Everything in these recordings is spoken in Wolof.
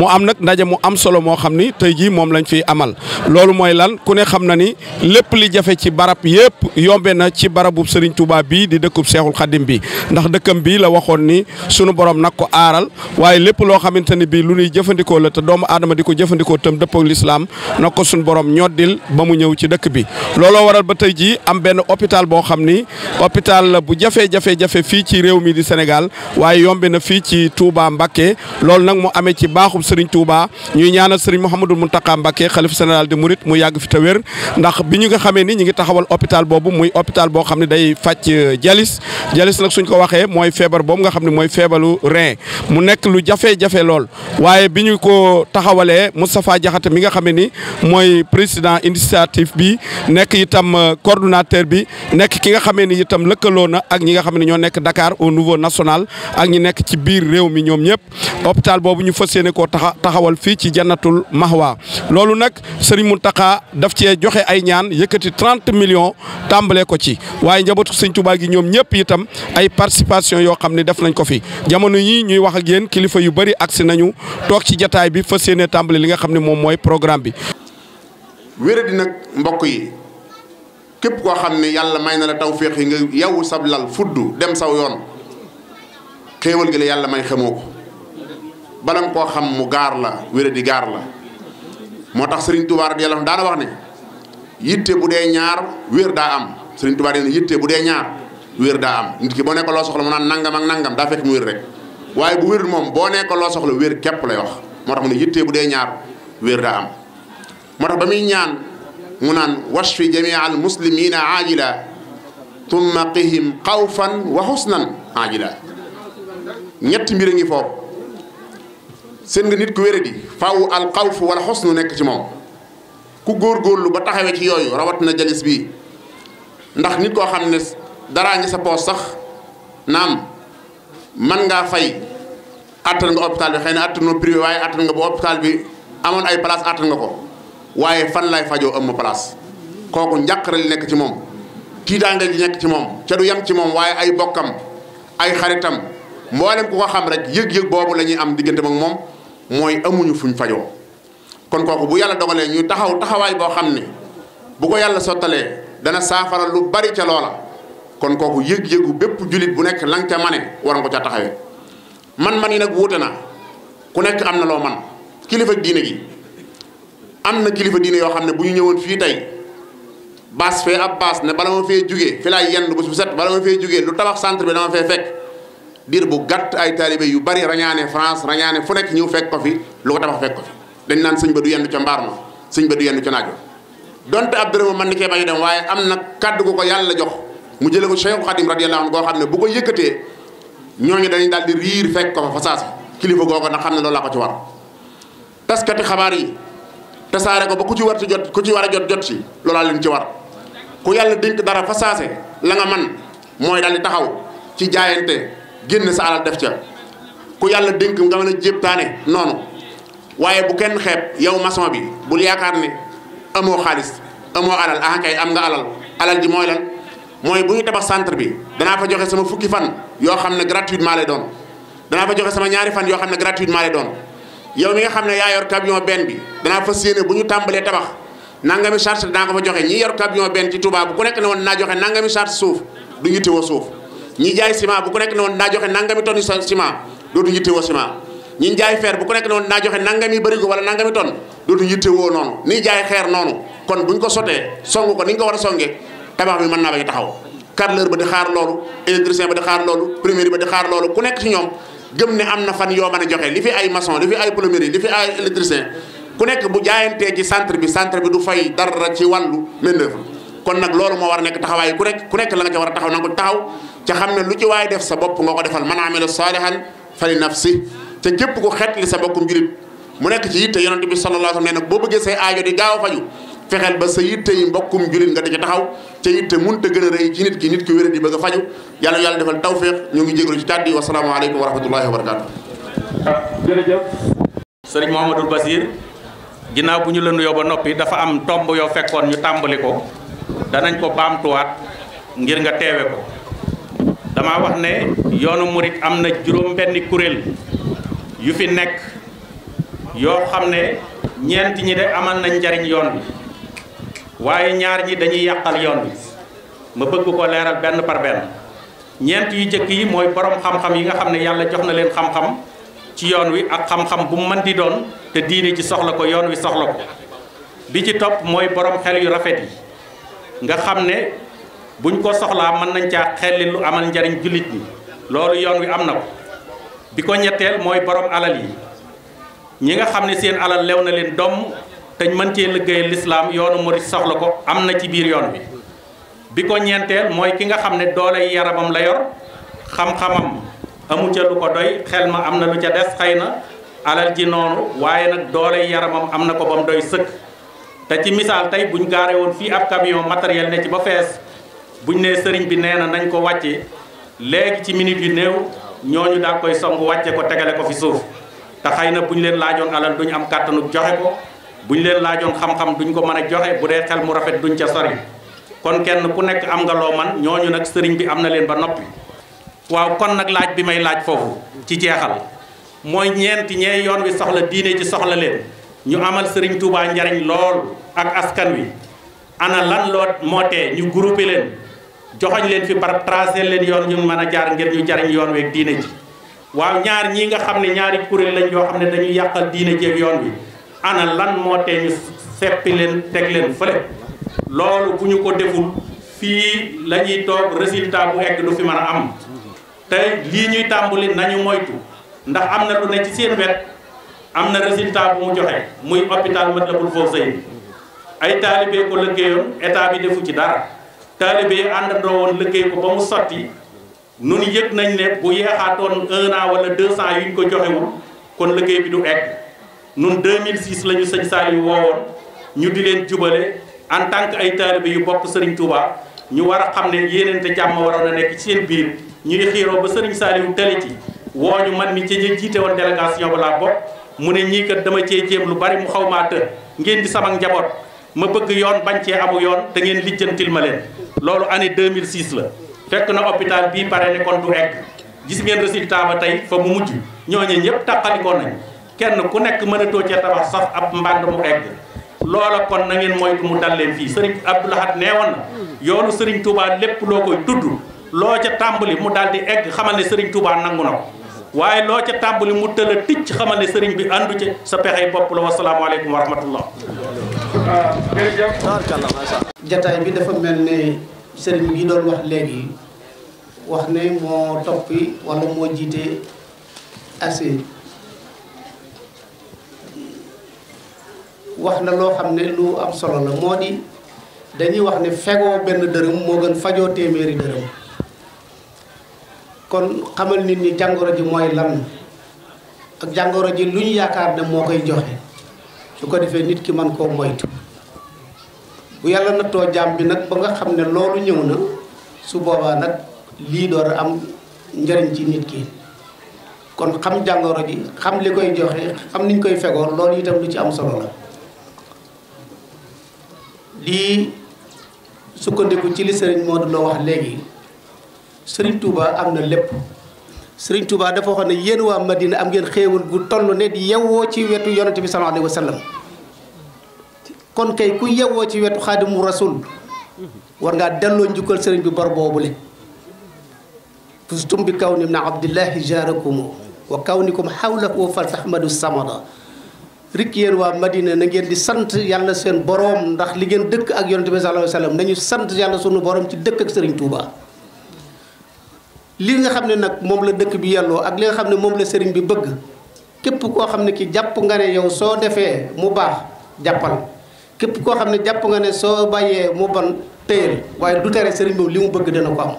mu am nag ndaje mu am solo moo xam ni tey jii moom lañ fi amal loolu mooy lan ku ne xam na ni lépp li jafe ci barab yëpp yombe na ci barabub sëriñ Touba bii di dëkkub Seexul xaddim bi ndax dëkkam bii la waxoon ni sunu borom nag ko aaral waaye lépp loo xamante ni bii lu ñuy jëfandikoo la te doomu aadama di ko jëfandikoo tam dëppoo lislaam nag ko sunu borom ñoddil ba mu ñëw ci dëkk bi looloo waral ba tey jii am benn hôpital boo xam ni hôpital la bu jafe-jafe-jafe fii ci réew mi di Sénégal waaye yombe na fii ci Touba Mbacké loolu nag amee ci baaxub Serigne Touba ñuy ñaanal Serigne Mouhamadou Mountakha Mbacké xalif général de Mouride mu yàgg fi te wér ndax bi ñu nga xamee ni ñi ngi taxawal hôpital boobu muy hôpital boo xam ne day fàcc jalis jalis nag suñ ko waxee mooy feebar boobu nga xam ne mooy feebalu rein mu nekk lu jafe-jafe lool waaye bi ñu ko taxawalee Moustapha Diakhaté mi nga xamee ni mooy président initiative bi nekk itam euh, coordonnateur bi nekk ki nga xamee ni itam lëkkaloo na ak ñi nga xam ne ñoo nekk Dakar au niveau national ak ñi nekk ci biir réew mi ñoom ñëpp taxa taxawal fii ci janatul mahwa loolu nag sëriñ mu Mountakha daf cee joxe ay ñaan yëkkati trent million tàmbale ko ci waaye njabootu sëriñ Tuubaa gi ñoom ñëpp itam ay participation yoo xam ne def nañ ko fi jamono yi ñuy wax ak yéen kilifa yu bari agsi nañu toog ci jataay bi fas yéene tàmbale li nga xam ne moom mooy programme bi. wéradi mbokk yi képp koo xam ne yàlla may na la tawféex yi nga sab sablal fuddu dem saw yoon xéewal gi la yàlla may xamoo ko bala koo xam mu gaar la wéré di gaar la moo tax sëriñ Serigne Touba radiyallahu daana wax ne yitte bu dee ñaar wér daa am Serigne Touba nee na bu dee ñaar wér daa am nit ki boo nekk loo soxla mu naan nangam ak nangam daa fekk mu wér rek waaye bu wér moom boo nekk loo soxla wér kepp lay wax moo tax mu ne yitte bu dee ñaar wér daa am moo tax ba muy ñaan mu naan washfi jamia al muslimina ajila tumma qihim xawfan wa xusnan ajila ñetti mbir ngi foofu seen nga nit ku wéradi faaw alxawf xos xosnu nekk ci moom ku góor góorlu ba taxawee ci yooyu rawat na jalis bii ndax nit koo xam ne daraa ngi sa poos sax naam man ngaa fay attan nga hôpital bi xëy na attanoo waaye attan nga ba bi amoon ay place attan nga ko waaye fan lay fajoo am ma place kooku njàqare li nekk ci moom tiitaange li nekk ci moom ca du yem ci moom waaye ay bokkam ay xaritam mboolem ku ko xam rek yëg-yëg boobu lañuy am diggante ak moom mooy amuñu fuñ fajoo kon kooku bu yàlla dogalee ñu taxaw taxawaay boo xam ne bu ko yàlla sottalee dana saafara lu bari ca loola kon kooku yëg-yëgu bépp jullit bu nekk lang ca mane war ko ca taxawee man-man yi nag wuute na ku nekk am na loo man kilifa diine gi am na kilifa diine yoo xam ne bu ñu ñëwoon fii tey baas fee ab baas ne bala ma fee jugee fi laay yenn bés bu set bala ma fee jugee lu tabax centre bi dama fee fekk diir bu gàtt ay taalibe yu bari rañaane France rañaane fu nekk ñëw fekk ko fi lu ko tabax fekk ko fi dañ naan sëñ ba du yendu ca mbaar ma sëñ ba du yendu ca naajo donte ab dërëm mën na a dem waaye am na kaddu gu ko yàlla jox mu jële ko Cheikh Khadim radiyallahu anhu goo xam ne bu ko yëkkatee ñooñu dañuy daal di riir fekk ko fa fasaas kilifa googu nag xam ne loolu laa ko ci war taskati xabaar yi tasaare ko ba ku ci war ci jot ku ci war a jot jot si loolaa leen ci war ku yàlla dénk dara fasaase la nga man mooy daal di taxaw ci jaayante génn sa alal def ca ku yàlla dénk nga mën a taane noonu waaye bu kenn xeeb yow mason bi bul yaakaar ne amoo xaalis amoo alal ah kay am nga alal alal ji mooy lan mooy bu ñu tabax centre bi danaa fa joxe sama fukki fan yoo xam ne gratuitement lay doon danaa fa joxe sama ñaari fan yoo xam ne gratuitement lay doon yow mi nga xam ne yaa yor camion benn bi danaa fa séene bu ñu tàmbalee tabax nangami charge danaa ko fa joxe ñi yor camion benn ci Touba bu ku nekk woon naa joxe nangami charge suuf du suuf ñi jaay ciment bu ku nekk ne woon naa joxe nangami tonne sa ciment dootu yittewoo ciment ñi jaay fer bu ku nekk ne woon naa joxe nangami bërigo wala nangami tonne dootu yittewoo noonu ni jaay xeer noonu kon buñ ko sotee song ko ni ñu ko war a songee tabax bi mën naa bañ taxaw carreleur ba di xaar loolu électricien ba di xaar loolu plombier ba di xaar loolu ku nekk ci ñoom gëm ne am na fan yoo mën a joxe li fi ay maçon li fi ay plombier li fi bu jaayantee ci centre bi centre bi du fay dara ci wàllu main d'œuvre kon nak lolu mo war nek taxaway ku rek ku rek la nga ci wara taxaw nanga taxaw ci xamne lu ci way def sa bop nga ko defal man amila salihan fali nafsi te képp ko xeet li sa bokum julit mu nek ci yitte yonente bi sallallahu alaihi wasallam nak bo nag say aajo di gaaw faju fexel ba sa yitte yi mbokkum julit nga di ca taxaw te yitte mënut a gën a ci nit ki nit ki wéra di bëgg faju yalla yalla defal tawfiq ñu ngi jégalu ci taddi wa salaamu alaykum wa rahmatullahi wa barakatu ah, jërëjëf sëriñ Mouhamadoul Basir ginnaaw bu ñu la nuyoo ba dafa am tombo yo fekkoon ñu tambaliko danañ ko baamtuwaat ngir nga teewe ko dama wax ne yoonu murit am na juróom benni kuréel yu fi nekk yoo xam ne ñeent ñi de amal nañ njariñ yoon bi waaye ñaar ñi dañuy yàqal yoon bi ma bëgg ko leeral benn par benn ñeent yu jëkk yi mooy borom xam-xam yi nga xam ne yàlla jox na leen xam-xam ci yoon wi ak xam-xam bu mën di doon te diine ci soxla ko yoon wi soxla ko bi ci topp mooy borom xel yu rafet yi nga xam ne buñ ko soxlaa mën nañ caa xelli lu amal njariñ jullit ñi loolu yoon wi am na ko bi ko ñetteel mooy borom alal yi ñi nga xam ne seen alal lew na leen doom te mën cee liggéeyal lislaam yoonu murit soxla ko am na ci biir yoon bi bi ko ñeenteel mooy ki nga xam ne doole yaramam la yor xam-xamam amu ca lu ko doy xel ma am na lu ca des xëy na alal ji noonu waaye nag doole yaramam am na ko ba doy sëkk te ci misaal tey buñ gaare woon fii ab camion matériel ne ci ba fees buñ nee sëriñ bi nee na nañ ko wàcce léegi ci minute yu néew ñooñu daa koy song wàcce ko tegale ko fi suuf te xëy na buñ leen laajoon alal duñ am kàttanu joxe ko buñ leen laajoon xam-xam duñ ko mën a joxe bu dee xel mu rafet duñ ca sori kon kenn ku nekk am nga loo man ñooñu nag sëriñ bi am na leen ba noppi waaw kon nag laaj bi may laaj foofu ci jeexal mooy ñeenti ñee yoon wi soxla diine ci soxla leen ñu amal Serigne Touba njariñ lool ak askan wi ana lan loo moo ñu groupé leen joxoñ leen fi barab tracé leen yoon ñu mën a jaar ngir ñu jariñ yoon weeg diine ji waaw ñaar ñii nga xam ne ñaari kuréel lañ yoo xam ne dañuy yàqal diine ji yoon wi ana lan moote tee ñu seppi leen teg leen fële loolu bu ñu ko deful fii lañuy ñuy toog résultat bu egg lu fi mën a am te lii ñuy tàmbali nañu moytu ndax am na lu ne ci seen wet am na résultat bu mu joxe muy hôpital Matlaboul Fawzayni ay taalibe ko liggéeyoon état bi defu ci dara taalibe àndandoo woon liggéey ko ba mu sotti nun yëg nañ ne bu yeexaatoon un an wala deux ans yuñ ko joxewul kon liggéey bi du egg nun 2006 la ñu sëñ Saliou woowoon ñu di leen jubale en tant que ay taalibe yu bokk Serigne Touba ñu war a xam ne yéeneente jàmm waroon a nekk ci seen biir ñuy xiiroo ba Serigne Saliou tali ci woo ñu man mi ci jiite woon délégation ba laa bokk mu ne ñii kat dama cee jéem lu bari mu xaw maa të ngeen di sama njaboot ma bëgg yoon bañ cee amu yoon te ngeen lijjantil ma leen. loolu année 2006 la fekk na hôpital bii pare ne kon du egg gis ngeen résultat ba tey fa mu mujj ñooñu ñëpp tàqalikoo nañu kenn ku nekk mënatoo cee tabax sax ab mbànd mu egg. loola kon na ngeen moytu mu dal leen fii sëriñ Abdou Lahad nee woon na yoonu sëriñ Touba lépp loo koy tudd loo ca tàmbali mu daal di egg xamal ne sëriñ Touba nangu na ko. waaye loo ca tàmbali mu tëla ticc xamal ne sëriñ bi àndu ci sa pexey bopp la wasalaamaaleykum wa rahmatullah jataay bi dafa mel ne sëriñ bi doon wax léegi wax ne moo toppi wala moo jiite assez wax na loo xam ne lu am solo la moo di dañuy wax ne fegoo benn dërëm moo gën fajoo téeméeri dërëm kon xamal nit ñi jàngoro ji mooy lan ak jàngoro ji lu ñu yaakaar ne moo koy joxe su ko defee nit ki man koo moytu bu yàlla nattoo jaam bi nag ba nga xam ne loolu ñëw na su boobaa nag lii door am njëriñ ci nit ki kon xam jàngoro ji xam li koy joxe xam niñ koy fegoor loolu itam lu ci am solo la lii sukkandiku ci li sëriñ Modou Lo wax léegi Serigne Touba amna lepp Serigne Touba dafa waxoon yeen wa Madina am ngeen xewul gu tollu ne di yewwoo ci wetu yonent bi sallallahu alayhi wasallam kon kay ku yewwoo ci wetu khadimu rasul war nga dello njukal serigne bi bor boobule fustum bi kawni ibn abdullah jarakum wa kawnikum nikum xawlahu fal tahmadu samada rik yeen wa madina na ngeen di sante yalla seen borom ndax li ngeen dekk ak yonente bi sallallahu alayhi wasallam nañu sante yalla sunu borom ci dekk ak serigne Touba. lii nga xam ne nag moom la dëkk bi yàlloo ak li nga xam ne moom la sëriñ bi bëgg képp koo xam ne kii jàpp nga ne yow soo defee mu baax jàppal képp koo xam ne jàpp nga ne soo bàyyee mu bon téyel waaye du tere sëriñ boobu li mu bëgg dana ko am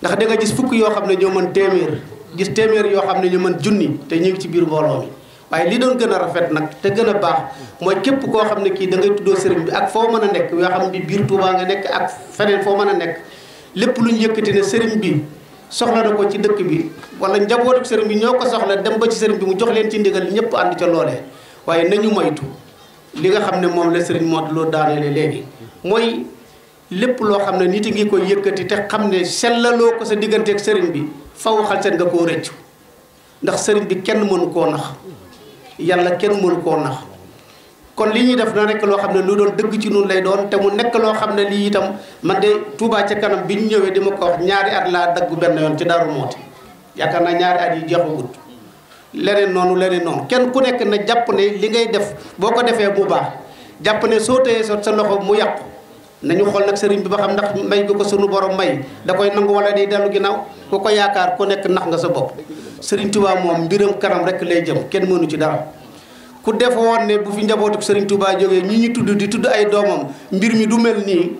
ndax da gis fukk yoo xam ne ñoo mën téeméer gis téeméer yoo xam ne ñu mën junni te ñu ngi ci biir mbooloo mi waaye li doon gën a rafet nag te gën a baax mooy képp koo xam ne kii da ngay tuddoo sëriñ bi ak foo mën a nekk yoo xam bi biir Tuubaa nga nekk ak feneen foo mën a nekk lépp lu ñu yëkkati ne sëriñ bi soxla na ko ci dëkk bi wala njabootu sëriñ bi ñoo ko soxla dem ba ci sëriñ bi mu jox leen ci ndigal ñëpp ànd ca loolee waaye nañu moytu li nga xam ne moom la sëriñ Modou Lo daaneele léegi mooy lépp loo xam ne nit a ngi koy yëkkati te xam ne sellaloo ko sa digganteeg sëriñ bi faw xal seen nga koo rëccu ndax sëriñ bi kenn mënu koo nax yàlla kenn mënu koo nax kon li ñuy def na nekk loo xam ne lu doon dëgg ci noonu lay doon te mu nekk loo xam ne lii itam man de Touba ca kanam bi ñu ñëwee di ma ko ñaari at laa daggu benn yoon ci Darou Mouhty yaakaar ñaari at yi jeexagut leneen noonu leneen noonu kenn ku nekk na jàpp ne li ngay def boo ko defee mu baax ne soo téyee sa sa loxo mu yàqu nañu xool nag sëriñ bi ba xam ndax may bi ko suñu borom may da koy nangu wala day dellu ginnaaw ku ko yaakaar ku nekk nax nga sa bopp sëriñ Touba moom mbiram kanam rek lay jëm kenn mënu ci dara ku woon ne bu fi njabootu Serigne Touba jógee ñi ñu tudd di tudd ay doomam mbir mi du mel nii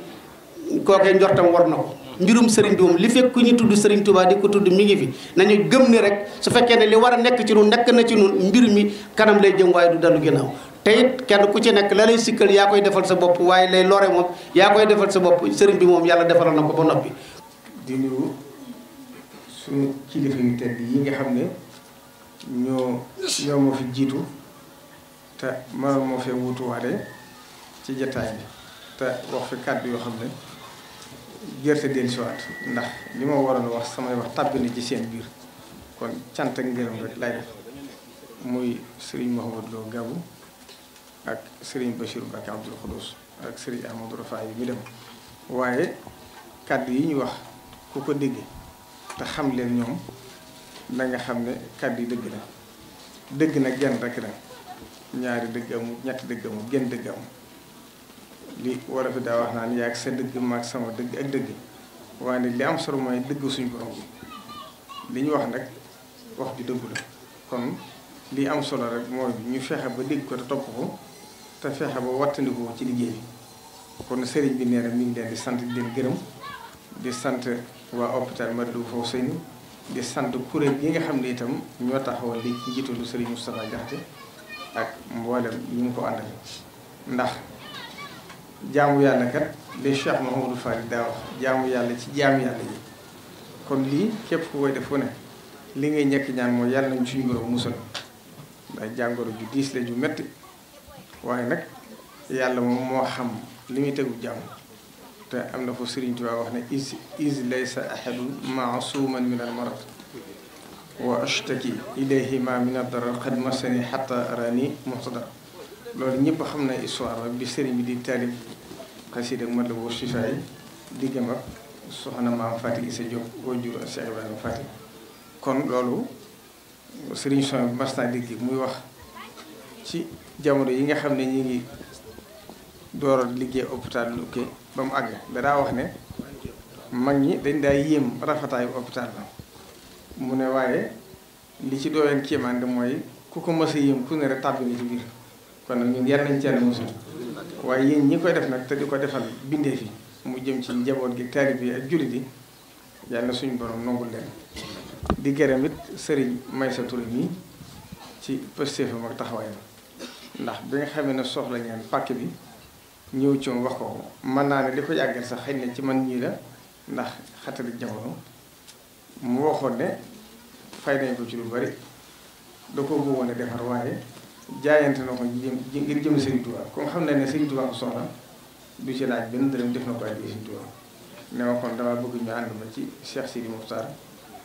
kookee njortam war na ko. mbirum Serigne bi moom li fekk ku ñu tudd Serigne Touba di ko tudd mi ngi fi nañu gëm ne rek su fekkee ne li war a nekk ci nun nekk na ci nun mbir mi kanam lay jëm waaye du dalu ginnaaw. te it kenn ku ci nekk la lay sikkal yaa koy defal sa bopp waaye lay lore moom yaa koy defal sa bopp sëriñ bi moom yàlla defalal na ko ba noppi. yi nga xam ne te mënoon moo fee wutuwaatee ci jataay bi te wax fi kàddu yoo xam ne gerte dellusiwaat ndax li ma waroon wax samay wax tàbbi na ci seen biir kon cant ak ngërëm rek lay def muy Serigne Mouhamadou Lo Gabou ak Serigne Bachir Mbacké Abdoul Khoudous ak Serigne Ahmadou Rafa yi mi dem waaye kàddu yi ñu wax ku ko dégg te xam leen ñoom da nga xam ne kàddu yi dëgg la dëgg nag genn rekk la. ñaari dëgg amul ñetti dëgg amul genn dëgg amul li war a fi daa wax naan yaa sa dëgg maag sama dëgg ak dëgg waaye ne li am solo mooy dëgg suñu borom li ñu wax nag wax ju dëggu kon li am solo rek mooy ñu fexe ba dégg ko te topp ko te fexe ba wattandiku ci liggéey bi kon sëriñ bi nee na mi ngi leen di sant di leen gërëm di sant waa hôpital Matlaboul Fawzayni di sant kuréel yi nga xam ne itam ñoo taxawal li ci njiitalu sëriñ Moustapha Diakhaté ak mboolem ñu ngi ko àndal ndax jaamu yàlla kat li Cheikh Mahamadou Fari daa wax jaamu yàlla ci jaamu yàlla yi kon lii képp ku koy def fu ne li ngay ñekk ñaan mooy yàlla nañ suñu borom musal ndax jàngoro ju diis la ju metti waaye nag yàlla moom moo xam li muy tegu jàmm te am na fo Sëriñ Tuubaa wax ne is is laysa ma maasuman min al marad واشتكي اليه ما من الضرر قد مسني حتى اراني محتضر لول نيب خمنا اسوار بي سيري بي دي تالي قصيده مدو وشيفاي دي جام سوخنا ما فاتي سي جوب وجور سي ابراهيم فاتي كون لولو سيرين سون باستا ديكي موي واخ سي جامورو ييغا خمنا نيغي دور ليغي اوبيتال لوكي بام اغا دا واخ ني ماغني دنج دا ييم رافتاي اوبيتال mu ne waaye li ci doyen kéemaan mooy ku ko mës a yëm ku ne rek tàbbi na ci kon nag ñun yar nañ ceen mosul ñi def nag te ko defal bindee fi mu jëm ci njaboot gi taalibe yi ak jullit yi yàlla suñu borom nongul leen di gërëm it sëriñ Maysa Touré nii ci pëstéefam ak taxawaayam ndax bi nga xamee ne soxla ñeen pàkk bi ñëw ci wax ko mën naa ne li ko yàggal sax xëy na ci man ñii la ndax xatali jamono mu waxoon ne fay nañ ko ci lu bari da ko bëggoon a defar waaye jaayante na ko jëm ngir jëm Serigne Touba comme xam ne ne Serigne Touba ko soxla du ci laaj benn dërëm def na ko ak Serigne Touba ne ma kon damaa bëgg ñu ànd ma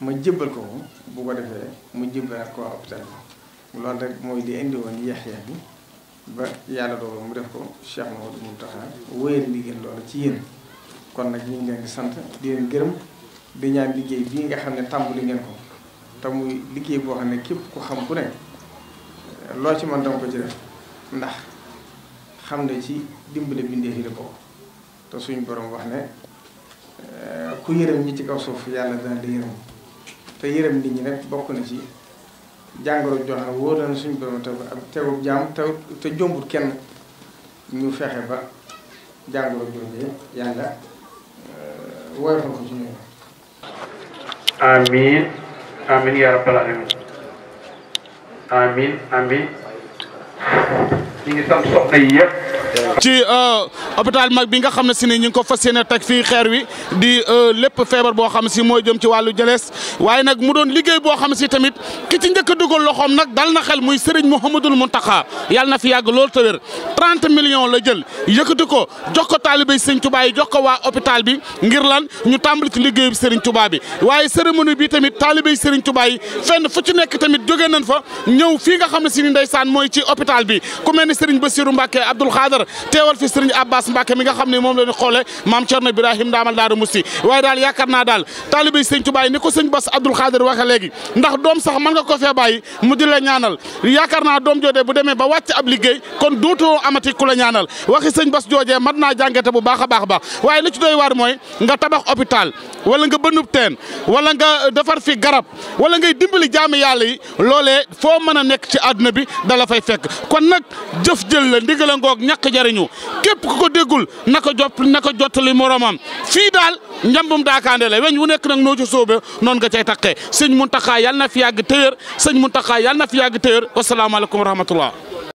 ma jëbbal ko bu ko defee mu jëbbalaat ko waa hôpital mooy di indi woon bi ba yàlla mu def ko Cheikh Maodo Mountakha liggéey loolu ci yéen kon nag ñu ngi sant di leen gërëm di ñaan liggéey bii nga xam ne tàmbali ngeen ko te muy liggéey boo xam ne képp ku xam ku ne loo ci man dama ko ci def ndax xam ne ci dimbale bindee yi la bokk te suñu borom wax ne eh, ku yërëm ñi ci kaw suuf yàlla dana la yërëm te yërëm nit ñi nag bokk na ci jàngoro joo xam ne wóor na suñu borom te tegub jaam te te jombut kenn ñu fexe ba jàngoro joojee yàlla eh, woyofal ko ci ñoom. amiin. amin ya rabbal alamin amin amin ñu ngi sant soxna yi yëpp ci hôpital mag bi nga xamné ci si ni ñu ko fassiyene yéene fi fii xeer wi di lépp feebar bo xam ci moy jëm ci walu jeles waye nak mu doon liggey bo xam ci tamit ki ci njëkk duggal loxom nak dal na xel muy Serigne Mouhamadul Mountakha yàlla na fi yag loolu te 30 millions la jël yëkkati ko jox ko talibé Serigne Touba yi jox ko wa hôpital bi ngir lan ñu tambal ci liggey bi Serigne Touba bi waye cérémonie bi tamit talibé Serigne Touba yi fenn fu ci nekk tamit jóge nañ fa ñëw fi nga xamné ci si moy ci hôpital bi ku melni Serigne Bassirou Mbacké Abdoul khader Dakar teewal fi Serigne Abbas Mbacke mi nga xam ne moom la ñu xoolee maam Thierno Ibrahim Ndaamal Daaru Musti waaye daal yaakaar naa daal taalibe Serigne Touba ni ko Serigne Bass Abdoul Khadir waxe léegi ndax doom sax mën nga ko fee bàyyi mu di la ñaanal yaakaar naa doom joodee bu demee ba wàcc ab liggéey kon dootoo amati la ñaanal waxi Serigne Bass joojee mat naa jàngate bu baax a baax a waaye li doy waar mooy nga tabax hôpital wala nga bënub teen wala nga defar a nekk a jariñu képp ku ko déggul na ko jot na ko jottali moromam fii daal njambum daakaande la weñ wu nekk nag noo ci sóobe noonu nga cay taqee sëñ Muntaxa yàlla na fi yàgg téyër sëñ Muntaxa yàlla na fi yàgg téyër wasalaamaaleykum wa